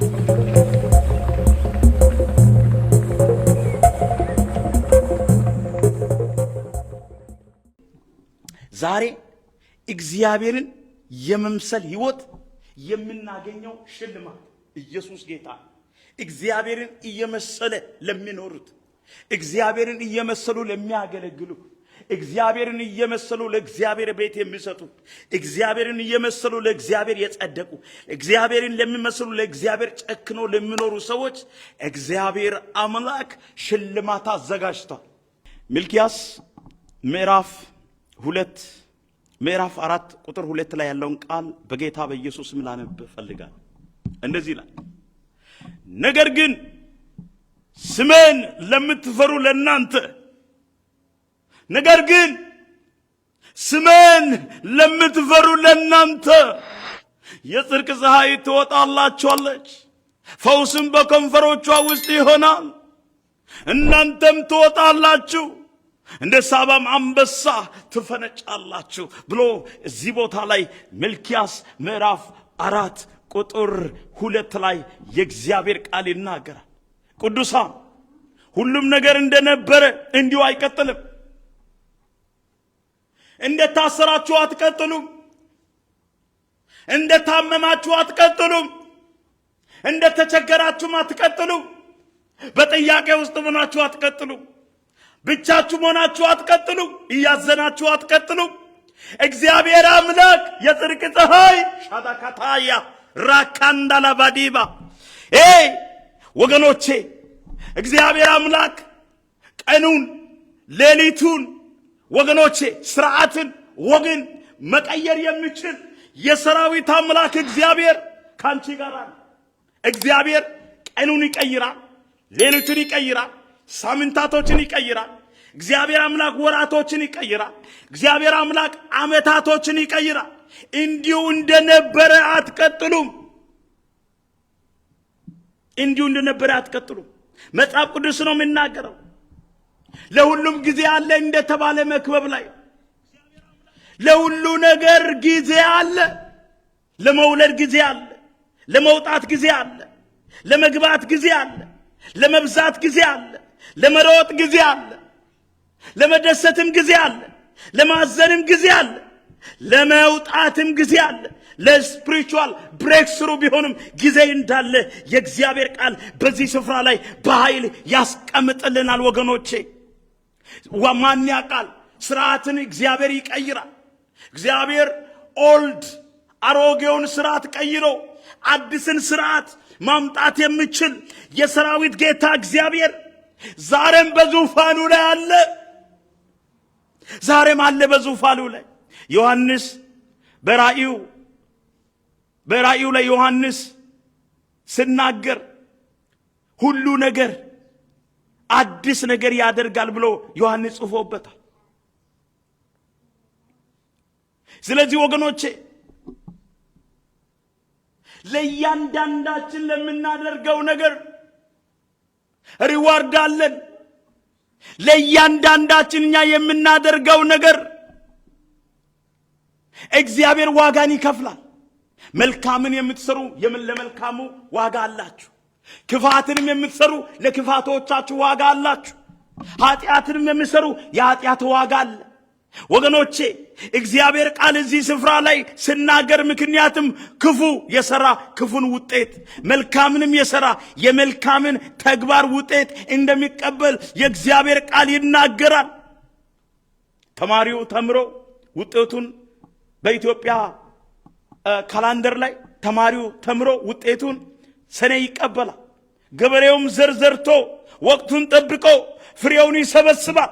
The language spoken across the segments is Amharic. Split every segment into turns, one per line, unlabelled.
ዛሬ እግዚአብሔርን የመምሰል ህይወት የምናገኘው ሽልማት ኢየሱስ ጌታ እግዚአብሔርን እየመሰለ ለሚኖሩት እግዚአብሔርን እየመሰሉ ለሚያገለግሉ እግዚአብሔርን እየመሰሉ ለእግዚአብሔር ቤት የሚሰጡ እግዚአብሔርን እየመሰሉ ለእግዚአብሔር የጸደቁ እግዚአብሔርን ለሚመስሉ ለእግዚአብሔር ጨክኖ ለሚኖሩ ሰዎች እግዚአብሔር አምላክ ሽልማት አዘጋጅቷል። ሚልኪያስ ምዕራፍ ሁለት ምዕራፍ አራት ቁጥር ሁለት ላይ ያለውን ቃል በጌታ በኢየሱስ ም ላነብ እንደዚህ ይላል፣ ነገር ግን ስሜን ለምትፈሩ ለእናንተ ነገር ግን ስሜን ለምትፈሩ ለእናንተ የጽድቅ ፀሐይ ትወጣላችኋለች፣ ፈውስም በከንፈሮቿ ውስጥ ይሆናል። እናንተም ትወጣላችሁ እንደ ሳባም አንበሳ ትፈነጫላችሁ ብሎ እዚህ ቦታ ላይ መልኪያስ ምዕራፍ አራት ቁጥር ሁለት ላይ የእግዚአብሔር ቃል ይናገራል። ቅዱሳን ሁሉም ነገር እንደነበረ እንዲሁ አይቀጥልም። እንደ ታሰራችሁ አትቀጥሉም። እንደ ታመማችሁ አትቀጥሉም። እንደ ተቸገራችሁም አትቀጥሉም። በጥያቄ ውስጥ ሆናችሁ አትቀጥሉ። ብቻችሁ ሆናችሁ አትቀጥሉ። እያዘናችሁ አትቀጥሉ። እግዚአብሔር አምላክ የጽድቅ ፀሐይ ሻዳካታያ ራካንዳላባዲባ ኤ ወገኖቼ እግዚአብሔር አምላክ ቀኑን ሌሊቱን ወገኖቼ ስርዓትን፣ ወግን መቀየር የሚችል የሰራዊት አምላክ እግዚአብሔር ካንቺ ጋር አለ። እግዚአብሔር ቀኑን ይቀይራል፣ ሌሊቱን ይቀይራል፣ ሳምንታቶችን ይቀይራል። እግዚአብሔር አምላክ ወራቶችን ይቀይራል። እግዚአብሔር አምላክ አመታቶችን ይቀይራል። እንዲሁ እንደነበረ አትቀጥሉም። እንዲሁ እንደነበረ አትቀጥሉም። መጽሐፍ ቅዱስ ነው የሚናገረው። ለሁሉም ጊዜ አለ እንደተባለ መክበብ ላይ ለሁሉ ነገር ጊዜ አለ። ለመውለድ ጊዜ አለ። ለመውጣት ጊዜ አለ። ለመግባት ጊዜ አለ። ለመብዛት ጊዜ አለ። ለመሮጥ ጊዜ አለ። ለመደሰትም ጊዜ አለ። ለማዘንም ጊዜ አለ። ለመውጣትም ጊዜ አለ። ብሬክ ብሬክስሩ ቢሆንም ጊዜ እንዳለ የእግዚአብሔር ቃል በዚህ ስፍራ ላይ በኃይል ያስቀምጥልናል ወገኖቼ። ማን ያውቃል? ስርዓትን እግዚአብሔር ይቀይራል። እግዚአብሔር ኦልድ አሮጌውን ስርዓት ቀይሮ አዲስን ስርዓት ማምጣት የምችል የሰራዊት ጌታ እግዚአብሔር ዛሬም በዙፋኑ ላይ አለ። ዛሬም አለ በዙፋኑ ላይ ዮሐንስ በራእዩ በራእዩ ላይ ዮሐንስ ስናገር ሁሉ ነገር አዲስ ነገር ያደርጋል ብሎ ዮሐንስ ጽፎበታል። ስለዚህ ወገኖቼ ለእያንዳንዳችን ለምናደርገው ነገር ሪዋርድ አለን። ለእያንዳንዳችን እኛ የምናደርገው ነገር እግዚአብሔር ዋጋን ይከፍላል። መልካምን የምትሰሩ ለመልካሙ ዋጋ አላችሁ። ክፋትንም የምትሰሩ ለክፋቶቻችሁ ዋጋ አላችሁ። ኃጢአትንም የምትሰሩ የኃጢአት ዋጋ አለ። ወገኖቼ እግዚአብሔር ቃል እዚህ ስፍራ ላይ ስናገር ምክንያትም ክፉ የሰራ ክፉን ውጤት መልካምንም የሰራ የመልካምን ተግባር ውጤት እንደሚቀበል የእግዚአብሔር ቃል ይናገራል። ተማሪው ተምሮ ውጤቱን በኢትዮጵያ ካላንደር ላይ ተማሪው ተምሮ ውጤቱን ሰኔ ይቀበላል። ገበሬውም ዘር ዘርቶ ወቅቱን ጠብቆ ፍሬውን ይሰበስባል።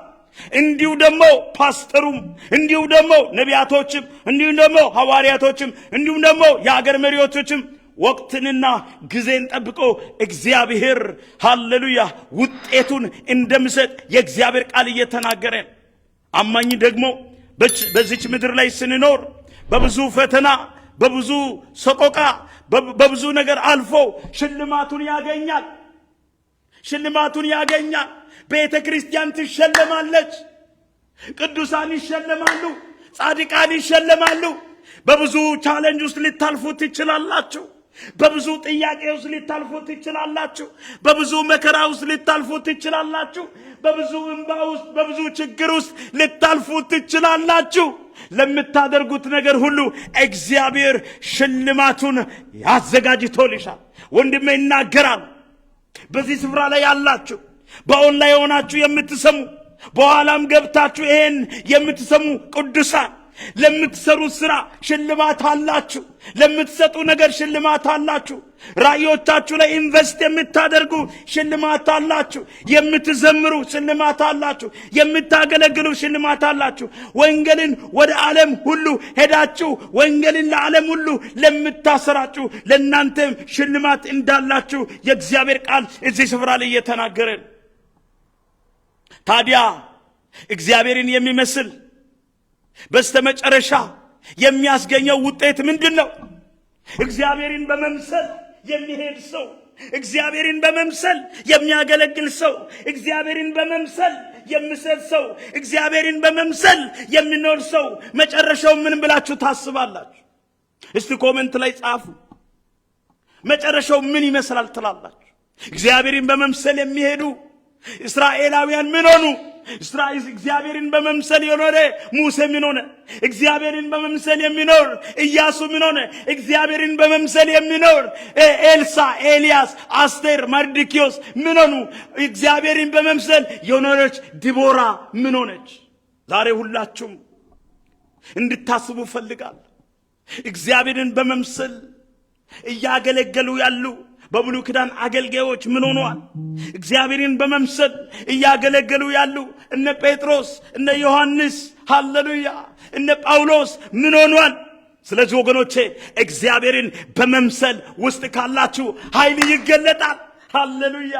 እንዲሁ ደግሞ ፓስተሩም እንዲሁ ደግሞ ነቢያቶችም እንዲሁም ደግሞ ሐዋርያቶችም እንዲሁም ደግሞ የአገር መሪዎችም ወቅትንና ጊዜን ጠብቆ እግዚአብሔር ሃሌሉያ ውጤቱን እንደሚሰጥ የእግዚአብሔር ቃል እየተናገረ አማኝ ደግሞ በዚች ምድር ላይ ስንኖር በብዙ ፈተና በብዙ ሰቆቃ በብዙ ነገር አልፎ ሽልማቱን ያገኛል። ሽልማቱን ያገኛል። ቤተ ክርስቲያን ትሸለማለች። ቅዱሳን ይሸለማሉ። ጻድቃን ይሸለማሉ። በብዙ ቻሌንጅ ውስጥ ልታልፉ ትችላላችሁ። በብዙ ጥያቄ ውስጥ ልታልፉ ትችላላችሁ። በብዙ መከራ ውስጥ ልታልፉ ትችላላችሁ። በብዙ እንባ ውስጥ፣ በብዙ ችግር ውስጥ ልታልፉ ትችላላችሁ። ለምታደርጉት ነገር ሁሉ እግዚአብሔር ሽልማቱን ያዘጋጅቶልሻል። ወንድሜ ይናገራል። በዚህ ስፍራ ላይ ያላችሁ፣ በኦንላይን የሆናችሁ የምትሰሙ፣ በኋላም ገብታችሁ ይሄን የምትሰሙ ቅዱሳን ለምትሰሩ ስራ ሽልማት አላችሁ። ለምትሰጡ ነገር ሽልማት አላችሁ። ራእዮቻችሁ ላይ ኢንቨስት የምታደርጉ ሽልማት አላችሁ። የምትዘምሩ ሽልማት አላችሁ። የምታገለግሉ ሽልማት አላችሁ። ወንጌልን ወደ ዓለም ሁሉ ሄዳችሁ ወንጌልን ለዓለም ሁሉ ለምታሰራጩ ለእናንተም ሽልማት እንዳላችሁ የእግዚአብሔር ቃል እዚህ ስፍራ ላይ እየተናገረን ታዲያ እግዚአብሔርን የሚመስል በስተመጨረሻ የሚያስገኘው ውጤት ምንድን ነው? እግዚአብሔርን በመምሰል የሚሄድ ሰው፣ እግዚአብሔርን በመምሰል የሚያገለግል ሰው፣ እግዚአብሔርን በመምሰል የሚሰል ሰው፣ እግዚአብሔርን በመምሰል የሚኖር ሰው መጨረሻው ምን ብላችሁ ታስባላችሁ? እስቲ ኮመንት ላይ ጻፉ። መጨረሻው ምን ይመስላል ትላላችሁ? እግዚአብሔርን በመምሰል የሚሄዱ እስራኤላውያን ምን ሆኑ? እስራኤል እግዚአብሔርን በመምሰል የኖረ ሙሴ ምን ሆነ? እግዚአብሔርን በመምሰል የሚኖር ኢያሱ ምን ሆነ? እግዚአብሔርን በመምሰል የሚኖር ኤልሳ፣ ኤልያስ፣ አስቴር፣ መርድኪዮስ ምን ሆኑ? እግዚአብሔርን በመምሰል የኖረች ዲቦራ ምን ሆነች? ዛሬ ሁላችሁም እንድታስቡ ፈልጋል። እግዚአብሔርን በመምሰል እያገለገሉ ያሉ በብሉይ ኪዳን አገልጋዮች ምን ሆነዋል? እግዚአብሔርን በመምሰል እያገለገሉ ያሉ እነ ጴጥሮስ፣ እነ ዮሐንስ፣ ሃሌሉያ እነ ጳውሎስ ምን ሆኗል? ስለዚህ ወገኖቼ እግዚአብሔርን በመምሰል ውስጥ ካላችሁ ኃይል ይገለጣል። ሃሌሉያ!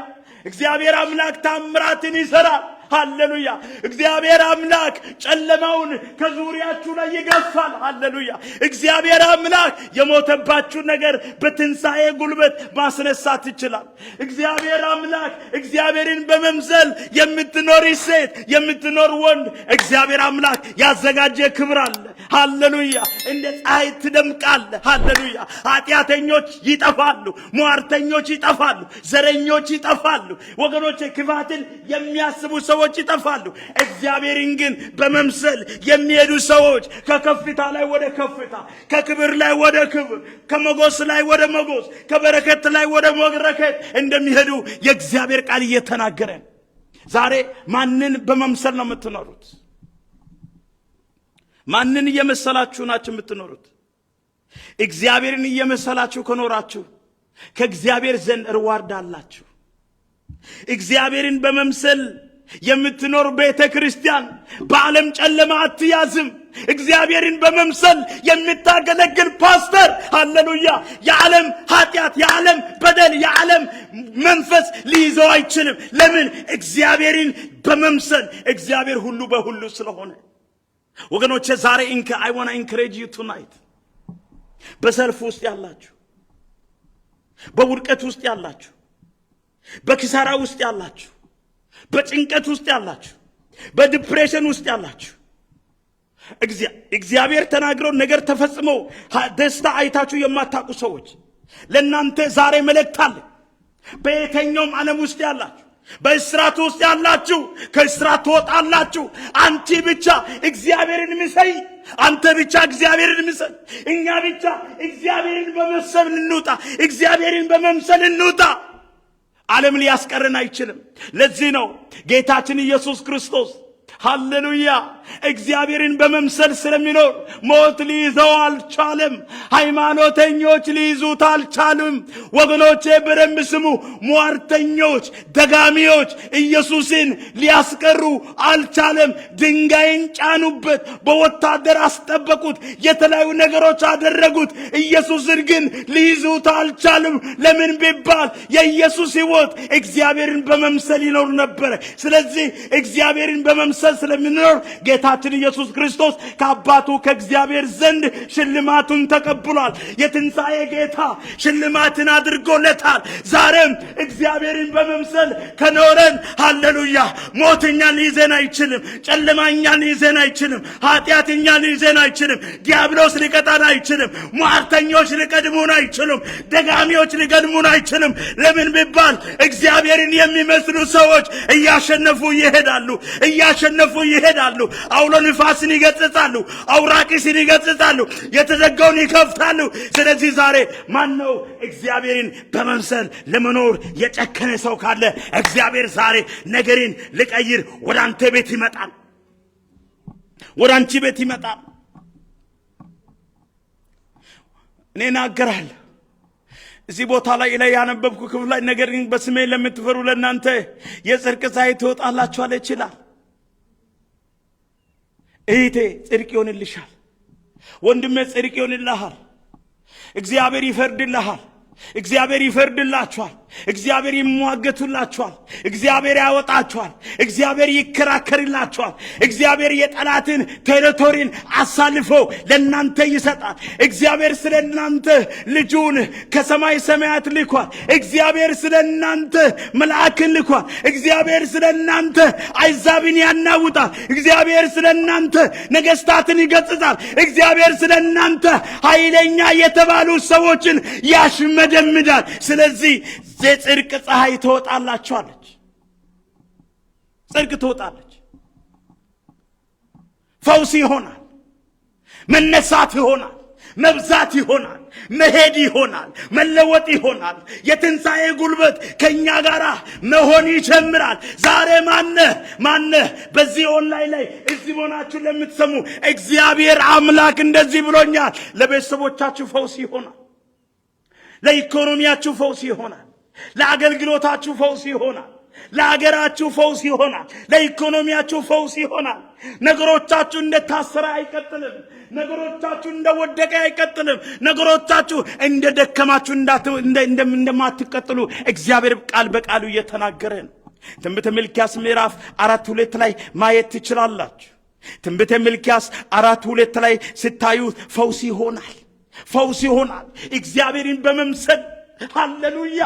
እግዚአብሔር አምላክ ታምራትን ይሰራል። ሃሌሉያ! እግዚአብሔር አምላክ ጨለማውን ከዙሪያችሁ ላይ ይገፋል። ሃሌሉያ! እግዚአብሔር አምላክ የሞተባችሁ ነገር በትንሣኤ ጉልበት ማስነሳት ይችላል። እግዚአብሔር አምላክ እግዚአብሔርን በመምዘል የምትኖር ሴት፣ የምትኖር ወንድ እግዚአብሔር አምላክ ያዘጋጀ ክብር አለ። ሃሌሉያ! እንደ ፀሐይ ትደምቃለ። ሃሌሉያ! ኃጢአተኞች ይጠፋሉ፣ ሟርተኞች ይጠፋሉ፣ ዘረኞች ይጠፋሉ። ወገኖች ክፋትን የሚያስቡ ሰዎች ይጠፋሉ። እግዚአብሔርን ግን በመምሰል የሚሄዱ ሰዎች ከከፍታ ላይ ወደ ከፍታ፣ ከክብር ላይ ወደ ክብር፣ ከመጎስ ላይ ወደ መጎስ፣ ከበረከት ላይ ወደ መረከት እንደሚሄዱ የእግዚአብሔር ቃል እየተናገረ ዛሬ ማንን በመምሰል ነው የምትኖሩት? ማንን እየመሰላችሁ ናችሁ የምትኖሩት? እግዚአብሔርን እየመሰላችሁ ከኖራችሁ ከእግዚአብሔር ዘንድ ርዋርድ አላችሁ። እግዚአብሔርን በመምሰል የምትኖር ቤተ ክርስቲያን በዓለም ጨለማ አትያዝም። እግዚአብሔርን በመምሰል የምታገለግል ፓስተር፣ ሃሌሉያ! የዓለም ኃጢአት፣ የዓለም በደል፣ የዓለም መንፈስ ሊይዘው አይችልም። ለምን? እግዚአብሔርን በመምሰል እግዚአብሔር ሁሉ በሁሉ ስለሆነ ወገኖቼ ዛሬ ኢንከ አይ ዋና ኢንክሬጅ ዩ ቱናይት በሰልፍ ውስጥ ያላችሁ፣ በውድቀት ውስጥ ያላችሁ፣ በኪሳራ ውስጥ ያላችሁ፣ በጭንቀት ውስጥ ያላችሁ፣ በዲፕሬሽን ውስጥ ያላችሁ እግዚአብሔር ተናግረው ነገር ተፈጽሞ ደስታ አይታችሁ የማታውቁ ሰዎች ለእናንተ ዛሬ መልእክት አለ። በየትኛውም ዓለም ውስጥ ያላችሁ በእስራት ውስጥ ያላችሁ ከእስራት ትወጣላችሁ። አንቺ ብቻ እግዚአብሔርን ምሰይ። አንተ ብቻ እግዚአብሔርን ምሰል። እኛ ብቻ እግዚአብሔርን በመሰል እንውጣ። እግዚአብሔርን በመምሰል እንውጣ። ዓለም ሊያስቀርን አይችልም። ለዚህ ነው ጌታችን ኢየሱስ ክርስቶስ ሃሌሉያ እግዚአብሔርን በመምሰል ስለሚኖር ሞት ሊይዘው አልቻለም። ሃይማኖተኞች ሊይዙት አልቻሉም። ወገኖቼ በደንብ ስሙ። ሟርተኞች፣ ደጋሚዎች ኢየሱስን ሊያስቀሩ አልቻለም። ድንጋይን ጫኑበት፣ በወታደር አስጠበቁት፣ የተለያዩ ነገሮች አደረጉት። ኢየሱስን ግን ሊይዙት አልቻሉም። ለምን ቢባል የኢየሱስ ሕይወት እግዚአብሔርን በመምሰል ይኖር ነበረ። ስለዚህ እግዚአብሔርን በመምሰል ስለሚኖር ጌታችን ኢየሱስ ክርስቶስ ከአባቱ ከእግዚአብሔር ዘንድ ሽልማቱን ተቀብሏል። የትንሣኤ ጌታ ሽልማትን አድርጎለታል። ዛሬም እግዚአብሔርን በመምሰል ከኖረን ሃሌሉያ፣ ሞትኛ ሊይዘን አይችልም። ጨለማ ሊይዘን አይችልም። ኃጢአት ሊይዘን አይችልም። ዲያብሎስ ሊቀጣን አይችልም። ሟርተኞች ሊቀድሙን አይችሉም። ደጋሚዎች ሊቀድሙን አይችልም። ለምን ቢባል እግዚአብሔርን የሚመስሉ ሰዎች እያሸነፉ ይሄዳሉ፣ እያሸነፉ ይሄዳሉ። አውሎ ንፋስን ይገጽጻሉ፣ አውራቂስን ይገጽጻሉ፣ የተዘጋውን ይከፍታሉ። ስለዚህ ዛሬ ማን ነው እግዚአብሔርን በመምሰል ለመኖር የጨከነ ሰው ካለ እግዚአብሔር ዛሬ ነገርን ልቀይር ወደ አንተ ቤት ይመጣል፣ ወደ አንቺ ቤት ይመጣል። እኔ እናገራለሁ። እዚህ ቦታ ላይ ላይ ያነበብኩ ክፍል ላይ ነገር ግን በስሜ ለምትፈሩ ለእናንተ የጽድቅ ፀሐይ ትወጣላችኋል ይችላል እህቴ ጽድቅ ይሆንልሻል። ወንድሜ ጽድቅ ይሆንልሃል። እግዚአብሔር ይፈርድልሃል። እግዚአብሔር ይፈርድላችኋል። እግዚአብሔር ይሟገቱላችኋል። እግዚአብሔር ያወጣችኋል። እግዚአብሔር ይከራከርላችኋል። እግዚአብሔር የጠላትን ቴሪቶሪን አሳልፎ ለእናንተ ይሰጣል። እግዚአብሔር ስለ እናንተ ልጁን ከሰማይ ሰማያት ልኳል። እግዚአብሔር ስለ እናንተ መልአክን ልኳል። እግዚአብሔር ስለ እናንተ አይዛብን ያናውጣል። እግዚአብሔር ስለ እናንተ ነገስታትን ይገጽጻል። እግዚአብሔር ስለ እናንተ ኃይለኛ የተባሉ ሰዎችን ያሽመደምዳል። ስለዚህ የጽድቅ ፀሐይ ትወጣላችኋለች። ጽድቅ ትወጣለች። ፈውስ ይሆናል። መነሳት ይሆናል። መብዛት ይሆናል። መሄድ ይሆናል። መለወጥ ይሆናል። የትንሣኤ ጉልበት ከእኛ ጋር መሆን ይጀምራል። ዛሬ ማነህ ማነህ? በዚህ ኦንላይን ላይ እዚህ መሆናችሁ ለምትሰሙ እግዚአብሔር አምላክ እንደዚህ ብሎኛል። ለቤተሰቦቻችሁ ፈውስ ይሆናል። ለኢኮኖሚያችሁ ፈውስ ይሆናል። ለአገልግሎታችሁ ፈውስ ይሆናል። ለአገራችሁ ፈውስ ይሆናል። ለኢኮኖሚያችሁ ፈውስ ይሆናል። ነገሮቻችሁ እንደታሰረ አይቀጥልም። ነገሮቻችሁ እንደወደቀ አይቀጥልም። ነገሮቻችሁ እንደደከማችሁ እንደማትቀጥሉ እግዚአብሔር ቃል በቃሉ እየተናገረ ነው። ትንቢተ ሚልኪያስ ምዕራፍ አራት ሁለት ላይ ማየት ትችላላችሁ። ትንቢተ ሚልኪያስ አራት ሁለት ላይ ስታዩ ፈውስ ይሆናል። ፈውስ ይሆናል። እግዚአብሔርን በመምሰል ሃሌሉያ!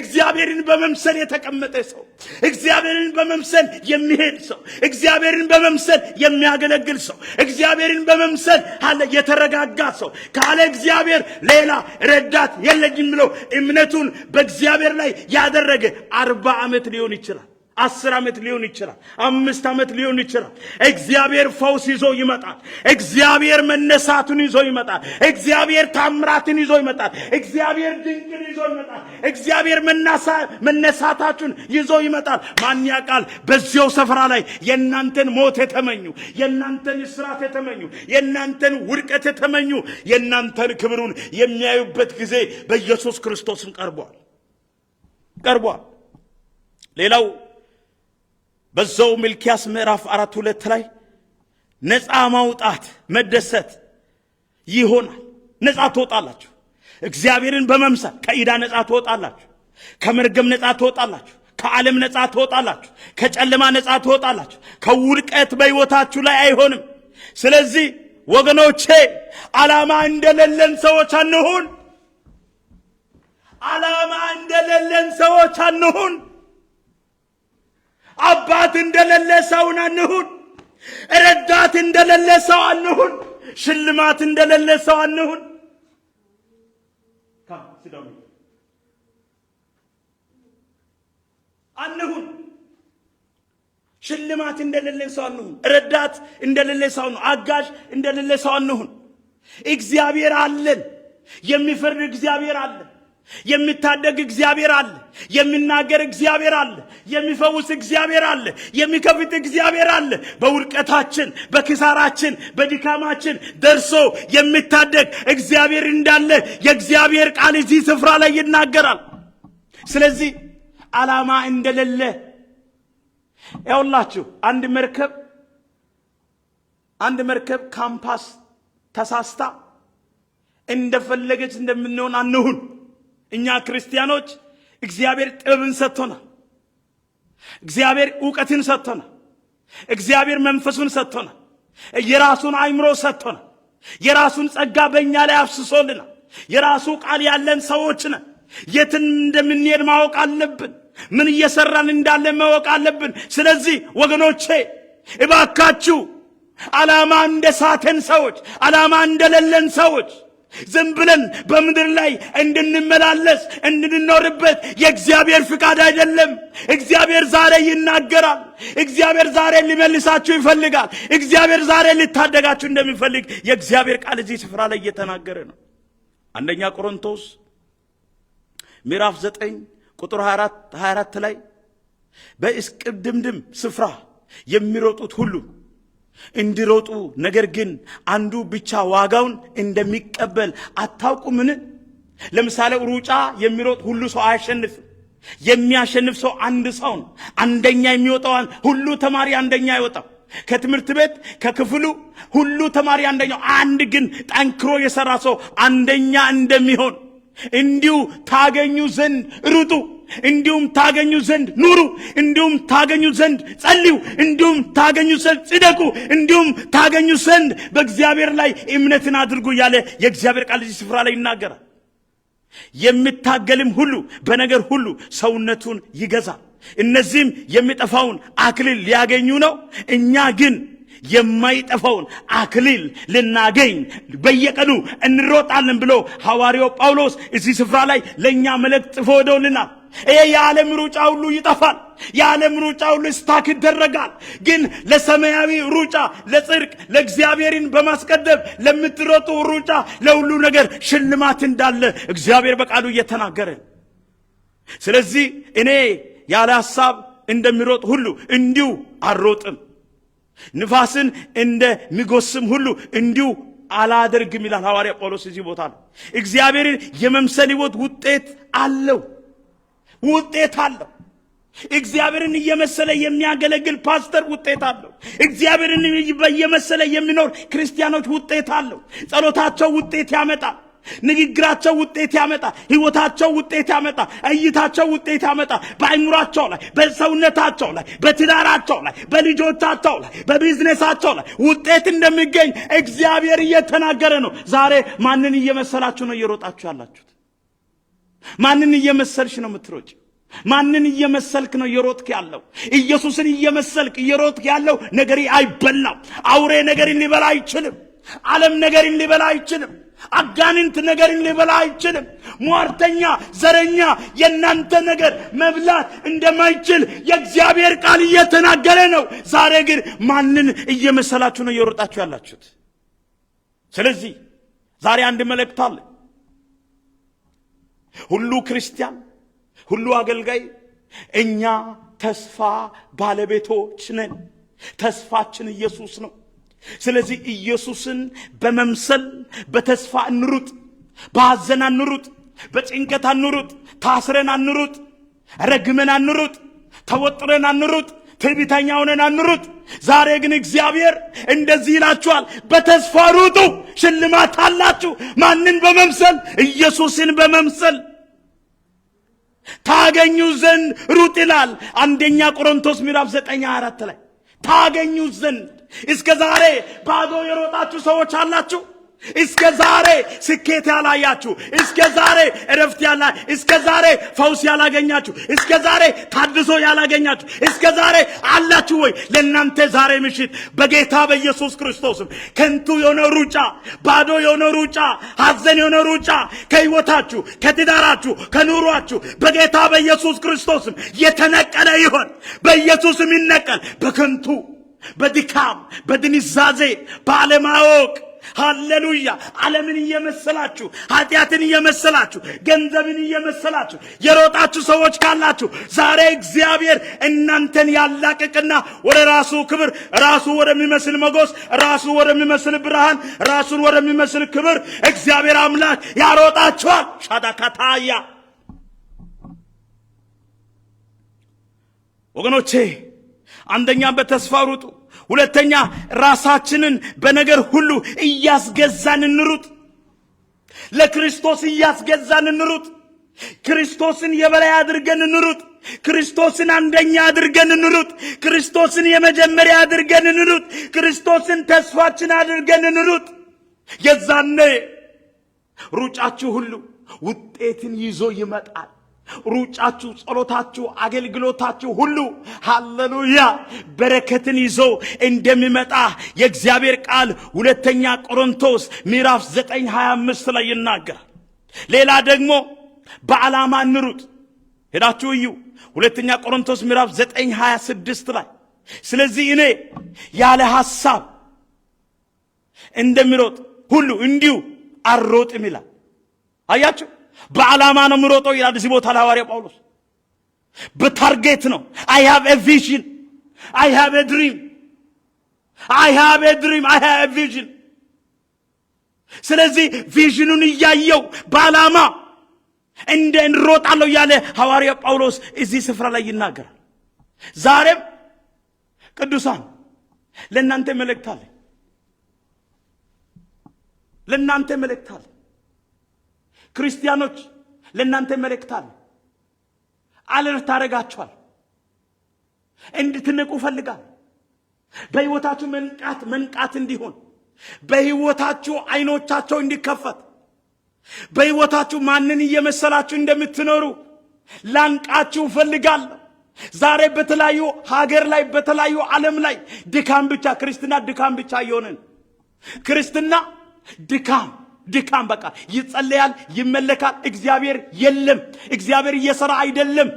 እግዚአብሔርን በመምሰል የተቀመጠ ሰው፣ እግዚአብሔርን በመምሰል የሚሄድ ሰው፣ እግዚአብሔርን በመምሰል የሚያገለግል ሰው፣ እግዚአብሔርን በመምሰል የተረጋጋ ሰው፣ ካለ እግዚአብሔር ሌላ ረዳት የለኝም ብለው እምነቱን በእግዚአብሔር ላይ ያደረገ አርባ ዓመት ሊሆን ይችላል። አስር ዓመት ሊሆን ይችላል። አምስት ዓመት ሊሆን ይችላል። እግዚአብሔር ፈውስ ይዞ ይመጣል። እግዚአብሔር መነሳቱን ይዞ ይመጣል። እግዚአብሔር ታምራትን ይዞ ይመጣል። እግዚአብሔር ድንቅን ይዞ ይመጣል። እግዚአብሔር መነሳታችሁን ይዞ ይመጣል። ማን ያውቃል? በዚያው ስፍራ ላይ የእናንተን ሞት የተመኙ፣ የእናንተን እስራት የተመኙ፣ የእናንተን ውድቀት የተመኙ፣ የእናንተን ክብሩን የሚያዩበት ጊዜ በኢየሱስ ክርስቶስም ቀርቧል ቀርቧል። ሌላው በዛው ሚልኪያስ ምዕራፍ አራት ሁለት ላይ ነፃ ማውጣት መደሰት ይሆናል። ነፃ ትወጣላችሁ። እግዚአብሔርን በመምሰል ከኢዳ ነፃ ትወጣላችሁ። ከመርገም ነፃ ትወጣላችሁ። ከዓለም ነፃ ትወጣላችሁ። ከጨለማ ነፃ ትወጣላችሁ። ከውድቀት በሕይወታችሁ ላይ አይሆንም። ስለዚህ ወገኖቼ ዓላማ እንደሌለን ሰዎች አንሁን። ዓላማ እንደሌለን ሰዎች አንሁን። አባት እንደሌለ ሰውን አንሁን። ረዳት እንደሌለ ሰው አንሁን። ሽልማት እንደሌለ ሰው አንሁን። አንሁን ሽልማት እንደሌለ ሰው አንሁን። ረዳት እንደሌለ ሰው አንሁን። አጋዥ እንደሌለ ሰው አንሁን። እግዚአብሔር አለን። የሚፈርድ እግዚአብሔር አለን። የሚታደግ እግዚአብሔር አለ። የሚናገር እግዚአብሔር አለ። የሚፈውስ እግዚአብሔር አለ። የሚከፍት እግዚአብሔር አለ። በውድቀታችን፣ በክሳራችን፣ በድካማችን ደርሶ የሚታደግ እግዚአብሔር እንዳለ የእግዚአብሔር ቃል እዚህ ስፍራ ላይ ይናገራል። ስለዚህ ዓላማ እንደሌለ ያውላችሁ አንድ መርከብ አንድ መርከብ ካምፓስ ተሳስታ እንደፈለገች እንደምንሆን አንሁን። እኛ ክርስቲያኖች እግዚአብሔር ጥበብን ሰጥቶናል። እግዚአብሔር እውቀትን ሰጥቶናል። እግዚአብሔር መንፈሱን ሰጥቶናል። የራሱን አይምሮ ሰጥቶናል። የራሱን ጸጋ በእኛ ላይ አፍስሶልናል። የራሱ ቃል ያለን ሰዎች ነን። የትን እንደምንሄድ ማወቅ አለብን። ምን እየሰራን እንዳለ ማወቅ አለብን። ስለዚህ ወገኖቼ እባካችሁ ዓላማ እንደ ሳተን ሰዎች፣ ዓላማ እንደሌለን ሰዎች ዝም ብለን በምድር ላይ እንድንመላለስ እንድንኖርበት የእግዚአብሔር ፍቃድ አይደለም። እግዚአብሔር ዛሬ ይናገራል። እግዚአብሔር ዛሬ ሊመልሳችሁ ይፈልጋል። እግዚአብሔር ዛሬ ሊታደጋችሁ እንደሚፈልግ የእግዚአብሔር ቃል እዚህ ስፍራ ላይ እየተናገረ ነው። አንደኛ ቆሮንቶስ ምዕራፍ 9 ቁጥር 24 ላይ በእስቅድምድም ስፍራ የሚሮጡት ሁሉ እንዲሮጡ ነገር ግን አንዱ ብቻ ዋጋውን እንደሚቀበል አታውቁምን? ለምሳሌ ሩጫ የሚሮጥ ሁሉ ሰው አያሸንፍም። የሚያሸንፍ ሰው አንድ ሰው ነው። አንደኛ የሚወጣዋን ሁሉ ተማሪ አንደኛ አይወጣም። ከትምህርት ቤት ከክፍሉ ሁሉ ተማሪ አንደኛው፣ አንድ ግን ጠንክሮ የሰራ ሰው አንደኛ እንደሚሆን እንዲሁ ታገኙ ዘንድ ሩጡ። እንዲሁም ታገኙ ዘንድ ኑሩ፣ እንዲሁም ታገኙ ዘንድ ጸልዩ፣ እንዲሁም ታገኙ ዘንድ ጽደቁ፣ እንዲሁም ታገኙ ዘንድ በእግዚአብሔር ላይ እምነትን አድርጉ እያለ የእግዚአብሔር ቃል እዚህ ስፍራ ላይ ይናገራል። የሚታገልም ሁሉ በነገር ሁሉ ሰውነቱን ይገዛ እነዚህም የሚጠፋውን አክሊል ሊያገኙ ነው። እኛ ግን የማይጠፋውን አክሊል ልናገኝ በየቀኑ እንሮጣለን ብሎ ሐዋርያው ጳውሎስ እዚህ ስፍራ ላይ ለእኛ መልእክት ጽፎ ወደውልናል። ይሄ የዓለም ሩጫ ሁሉ ይጠፋል። የዓለም ሩጫ ሁሉ ስታክ ይደረጋል። ግን ለሰማያዊ ሩጫ፣ ለጽድቅ ለእግዚአብሔርን በማስቀደም ለምትሮጡ ሩጫ ለሁሉ ነገር ሽልማት እንዳለ እግዚአብሔር በቃሉ እየተናገረ። ስለዚህ እኔ ያለ ሐሳብ እንደሚሮጥ ሁሉ እንዲሁ አልሮጥም፣ ንፋስን እንደሚጎስም ሁሉ እንዲሁ አላደርግም ይላል ሐዋርያ ጳውሎስ እዚህ ቦታ ነው። እግዚአብሔርን የመምሰል ሕይወት ውጤት አለው። ውጤት አለው። እግዚአብሔርን እየመሰለ የሚያገለግል ፓስተር ውጤት አለው። እግዚአብሔርን እየመሰለ የሚኖር ክርስቲያኖች ውጤት አለው። ጸሎታቸው ውጤት ያመጣል። ንግግራቸው ውጤት ያመጣ፣ ህይወታቸው ውጤት ያመጣ፣ እይታቸው ውጤት ያመጣ። በአይምሯቸው ላይ፣ በሰውነታቸው ላይ፣ በትዳራቸው ላይ፣ በልጆቻቸው ላይ፣ በቢዝነሳቸው ላይ ውጤት እንደሚገኝ እግዚአብሔር እየተናገረ ነው። ዛሬ ማንን እየመሰላችሁ ነው እየሮጣችሁ ያላችሁት? ማንን እየመሰልሽ ነው የምትሮጭ? ማንን እየመሰልክ ነው እየሮጥክ ያለው? ኢየሱስን እየመሰልክ እየሮጥክ ያለው ነገሪ አይበላም። አውሬ ነገርን ሊበላ አይችልም። ዓለም ነገርን ሊበላ አይችልም። አጋንንት ነገርን ሊበላ አይችልም። ሟርተኛ፣ ዘረኛ የእናንተ ነገር መብላት እንደማይችል የእግዚአብሔር ቃል እየተናገረ ነው። ዛሬ ግን ማንን እየመሰላችሁ ነው እየሮጣችሁ ያላችሁት? ስለዚህ ዛሬ አንድ መልእክት አለ። ሁሉ ክርስቲያን ሁሉ አገልጋይ እኛ ተስፋ ባለቤቶች ነን። ተስፋችን ኢየሱስ ነው። ስለዚህ ኢየሱስን በመምሰል በተስፋ እንሩጥ። በሐዘን አንሩጥ፣ በጭንቀት አንሩጥ፣ ታስረን አንሩጥ፣ ረግመን አንሩጥ፣ ተወጥረን አንሩጥ፣ ትዕቢተኛ ሆነን አንሩጥ። ዛሬ ግን እግዚአብሔር እንደዚህ ይላችኋል፣ በተስፋ ሩጡ፣ ሽልማት አላችሁ። ማንን በመምሰል? ኢየሱስን በመምሰል ታገኙ ዘንድ ሩጥ ይላል። አንደኛ ቆሮንቶስ ምዕራፍ 9 24 ላይ ታገኙ ዘንድ እስከ ዛሬ ባዶ የሮጣችሁ ሰዎች አላችሁ። እስከ ዛሬ ስኬት ያላያችሁ፣ እስከ ዛሬ እረፍት ያላ፣ እስከ ዛሬ ፈውስ ያላገኛችሁ፣ እስከ ዛሬ ታድሶ ያላገኛችሁ፣ እስከ ዛሬ አላችሁ ወይ? ለእናንተ ዛሬ ምሽት በጌታ በኢየሱስ ክርስቶስም ከንቱ የሆነ ሩጫ፣ ባዶ የሆነ ሩጫ፣ ሀዘን የሆነ ሩጫ ከህይወታችሁ ከትዳራችሁ፣ ከኑሯችሁ በጌታ በኢየሱስ ክርስቶስም የተነቀለ ይሆን። በኢየሱስም ይነቀል። በከንቱ በድካም በድንዛዜ ባለማወቅ ሃሌሉያ! ዓለምን እየመሰላችሁ ኃጢአትን እየመሰላችሁ ገንዘብን እየመሰላችሁ የሮጣችሁ ሰዎች ካላችሁ ዛሬ እግዚአብሔር እናንተን ያላቅቅና ወደ ራሱ ክብር ራሱ ወደሚመስል መጎስ ራሱ ወደሚመስል ብርሃን ራሱን ወደሚመስል ክብር እግዚአብሔር አምላክ ያሮጣችኋል። ሻዳካታያ ወገኖቼ አንደኛም በተስፋ ሩጡ። ሁለተኛ ራሳችንን በነገር ሁሉ እያስገዛን እንሩጥ። ለክርስቶስ እያስገዛን እንሩጥ። ክርስቶስን የበላይ አድርገን እንሩጥ። ክርስቶስን አንደኛ አድርገን እንሩጥ። ክርስቶስን የመጀመሪያ አድርገን እንሩጥ። ክርስቶስን ተስፋችን አድርገን እንሩጥ። የዛኔ ሩጫችሁ ሁሉ ውጤትን ይዞ ይመጣል። ሩጫችሁ፣ ጸሎታችሁ፣ አገልግሎታችሁ ሁሉ ሃሌሉያ በረከትን ይዞ እንደሚመጣ የእግዚአብሔር ቃል ሁለተኛ ቆሮንቶስ ምዕራፍ 25 ላይ ይናገራል። ሌላ ደግሞ በዓላማ እንሩጥ። ሄዳችሁ እዩ። ሁለተኛ ቆሮንቶስ ምዕራፍ 9:26 ላይ ስለዚህ እኔ ያለ ሐሳብ እንደሚሮጥ ሁሉ እንዲሁ አልሮጥም ይላል። አያችሁ በዓላማ ነው የምሮጠው ይላል። እዚህ ቦታ ለሐዋርያ ጳውሎስ በታርጌት ነው። አይ ሃቭ ኤ ቪዥን፣ አይ ሃቭ ኤ ድሪም፣ አይ ሃቭ ኤ ድሪም፣ አይ ሃቭ ኤ ቪዥን። ስለዚህ ቪዥኑን እያየው በዓላማ እንደ እንሮጣለሁ ያለ ሐዋርያ ጳውሎስ እዚህ ስፍራ ላይ ይናገራል። ዛሬም ቅዱሳን ለእናንተ መልእክት አለ፣ ለእናንተ መልእክት አለ። ክርስቲያኖች ለእናንተ ይመለክታል አለርት ታደርጋችኋል። እንድትነቁ ፈልጋል። በሕይወታችሁ መንቃት መንቃት እንዲሆን በሕይወታችሁ አይኖቻቸው እንዲከፈት በሕይወታችሁ ማንን እየመሰላችሁ እንደምትኖሩ ላንቃችሁ ፈልጋለሁ። ዛሬ በተለያዩ ሀገር ላይ በተለያዩ ዓለም ላይ ድካም ብቻ ክርስትና ድካም ብቻ እየሆንን ክርስትና ድካም ድካም በቃ ይጸለያል፣ ይመለካል። እግዚአብሔር የለም። እግዚአብሔር እየሰራ አይደለም።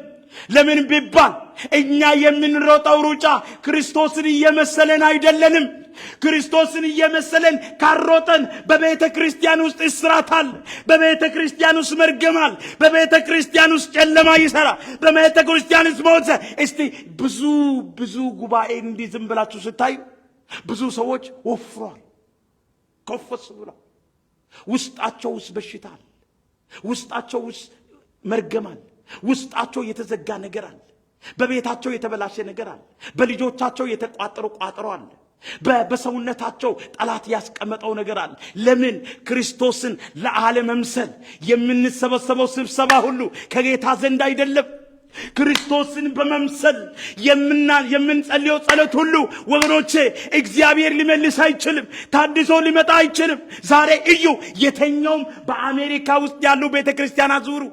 ለምን ቢባል እኛ የምንሮጠው ሩጫ ክርስቶስን እየመሰለን አይደለንም። ክርስቶስን እየመሰለን ካሮጠን በቤተ ክርስቲያን ውስጥ እስራታል፣ በቤተ ክርስቲያን ውስጥ መርገማል፣ በቤተ ክርስቲያን ውስጥ ጨለማ ይሰራ፣ በቤተ ክርስቲያን ውስጥ ሞት። እስቲ ብዙ ብዙ ጉባኤ እንዲህ ዝም ብላችሁ ስታዩ ብዙ ሰዎች ወፍሯል፣ ኮፈስ ብሏል። ውስጣቸው ውስጥ በሽታ አለ። ውስጣቸው ውስጥ መርገም አለ። ውስጣቸው የተዘጋ ነገር አለ። በቤታቸው የተበላሸ ነገር አለ። በልጆቻቸው የተቋጠሩ ቋጠሮ አለ። በሰውነታቸው ጠላት ያስቀመጠው ነገር አለ። ለምን ክርስቶስን ለዓለም መምሰል የምንሰበሰበው ስብሰባ ሁሉ ከጌታ ዘንድ አይደለም። ክርስቶስን በመምሰል የምንጸልየው ጸሎት ሁሉ ወገኖቼ እግዚአብሔር ሊመልስ አይችልም። ታድሶ ሊመጣ አይችልም። ዛሬ እዩ። የተኛውም በአሜሪካ ውስጥ ያሉ ቤተ ክርስቲያናት ዙሩ፣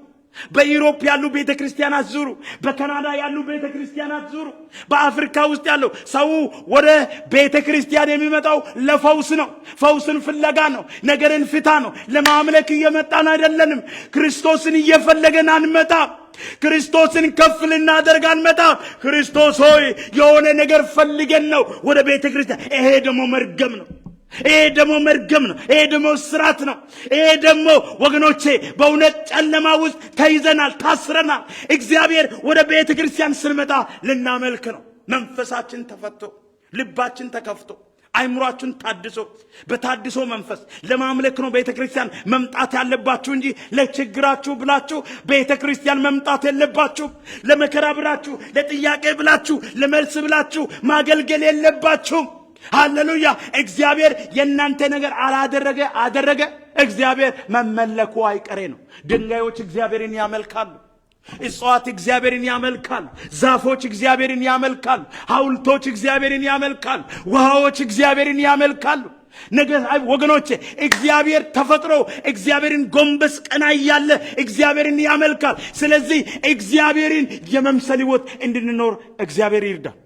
በኢሮፕ ያሉ ቤተ ክርስቲያናት ዙሩ፣ በካናዳ ያሉ ቤተ ክርስቲያናት ዙሩ፣ በአፍሪካ ውስጥ ያለው ሰው ወደ ቤተ ክርስቲያን የሚመጣው ለፈውስ ነው። ፈውስን ፍለጋ ነው። ነገርን ፍታ ነው። ለማምለክ እየመጣን አይደለንም። ክርስቶስን እየፈለገን አንመጣም። ክርስቶስን ከፍ ልናደርግ አንመጣ። ክርስቶስ ሆይ የሆነ ነገር ፈልገን ነው ወደ ቤተ ክርስቲያን። ይሄ ደግሞ መርገም ነው። ይሄ ደግሞ መርገም ነው። ይሄ ደግሞ ስራት ነው። ይሄ ደግሞ ወገኖቼ በእውነት ጨለማ ውስጥ ተይዘናል፣ ታስረናል። እግዚአብሔር ወደ ቤተ ክርስቲያን ስንመጣ ልናመልክ ነው። መንፈሳችን ተፈቶ ልባችን ተከፍቶ አይምሯችሁን ታድሶ በታድሶ መንፈስ ለማምለክ ነው ቤተ ክርስቲያን መምጣት ያለባችሁ እንጂ ለችግራችሁ ብላችሁ ቤተ ክርስቲያን መምጣት የለባችሁ። ለመከራ ብላችሁ፣ ለጥያቄ ብላችሁ፣ ለመልስ ብላችሁ ማገልገል የለባችሁም። ሃሌሉያ! እግዚአብሔር የእናንተ ነገር አላደረገ አደረገ። እግዚአብሔር መመለኩ አይቀሬ ነው። ድንጋዮች እግዚአብሔርን ያመልካሉ። እጽዋት እግዚአብሔርን ያመልካል። ዛፎች እግዚአብሔርን ያመልካል። ሐውልቶች እግዚአብሔርን ያመልካል። ውሃዎች እግዚአብሔርን ያመልካሉ። ነገ ወገኖቼ እግዚአብሔር ተፈጥሮ እግዚአብሔርን ጎንበስ ቀና እያለ እግዚአብሔርን ያመልካል። ስለዚህ እግዚአብሔርን የመምሰል ሕይወት እንድንኖር እግዚአብሔር ይርዳል።